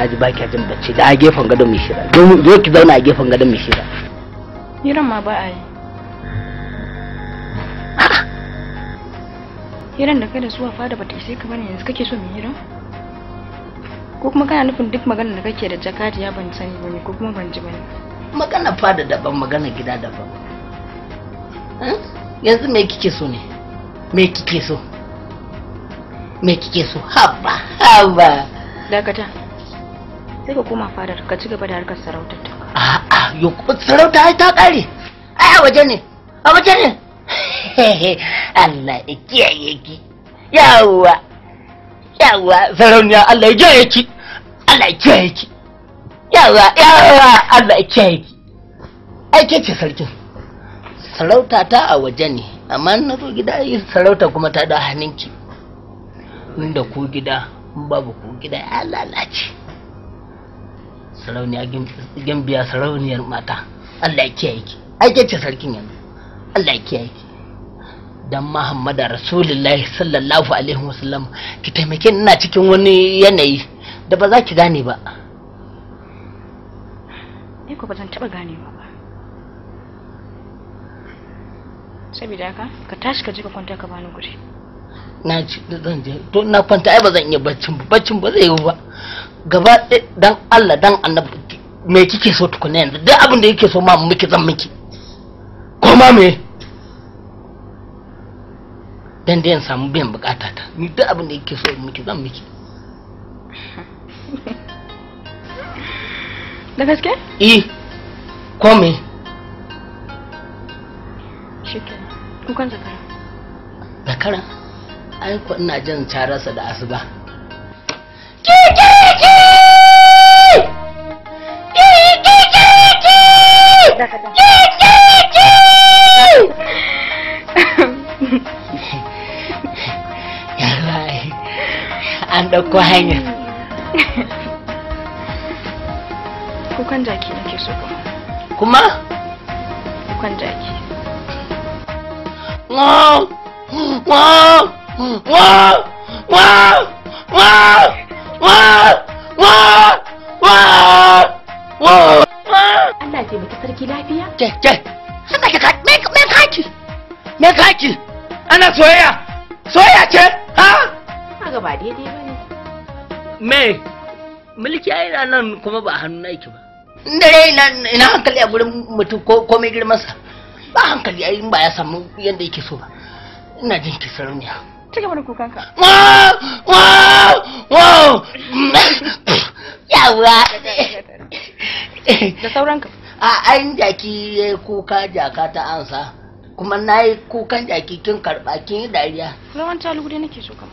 na ji kya jin bacci da gefen gadon mai shira zo ki zauna a gefen gadon mai shira hiran ma ba a yi hiran da kai da suwa fada da ta sai ka bane yanzu kake so mai hiran ko kuma kana nufin duk magana da kake da ya ban sani ba ne ko kuma ban ji ba ne magana fada daban magana gida daban hmm? yanzu me kike so ne me kike so me kike so haba haba dakata sai ka koma fara ka ci gaba da harkar sarautar ta a'a yo sarauta ai ta kare ai a waje ne a waje ne Allah ya kiyaye ki yawa yawa sarauniya Allah ya kiyaye ki Allah ya kiyaye ki yawa yawa Allah ya kiyaye ki ai ke ce sarkin sarauta ta a waje ne amma na zo gida yi sarauta kuma ta da hannunki inda ku gida babu ku gida ya lalace sarauniya gambiya sarauniyar mata allah ya kiyaye ki ai ce sarkin yanzu allah ya kiyaye ki dan muhammadu rasulullahi sallallahu alaihi wasallam ki taimake ina cikin wani yanayi da ba za ki gane ba ni ko ba zan taba gane ba saboda haka ka tashi ka je ka kwanta ka bani guri na ci zan je to na kwanta ai ba zan iya baccin ba baccin ba zai yi ba gaba dan Allah dan annabi me kike so tukuna yanzu duk abin da yake so ma miki zan miki ko ma me dan da yan samu biyan bukata ta ni duk abin da yake so miki zan miki da gaske eh ko me shikenan kukan zakara zakara ai ko ina jin cararsa da asuba an ɗauko hanya kukan jaki nake so kuma kukan jaki wow wow wow wow wow wow wow wow Allah ce baki sarki lafiya? Ke, ke, haka ka me kaki? Me kaki? Ana soyayya? haka ba daidai ba ne me mulki ai na nan kuma ba hannu na yake ba dare ina ina hankali a gurin mutum ko komai girmansa ba hankali ai ba ya samu yadda yake so ba ina jin ki sarauniya cike mana kukanka yawa da sauranka a ai jaki ya kuka jaka ta ansa kuma na yi kukan jaki kin karɓa kin yi dariya yawanci dai nake so kama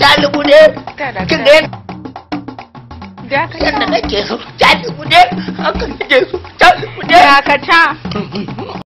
talibu ne kin ga yadda nake so talibu ne haka nake so talibu ne dakata mm, mm, mm.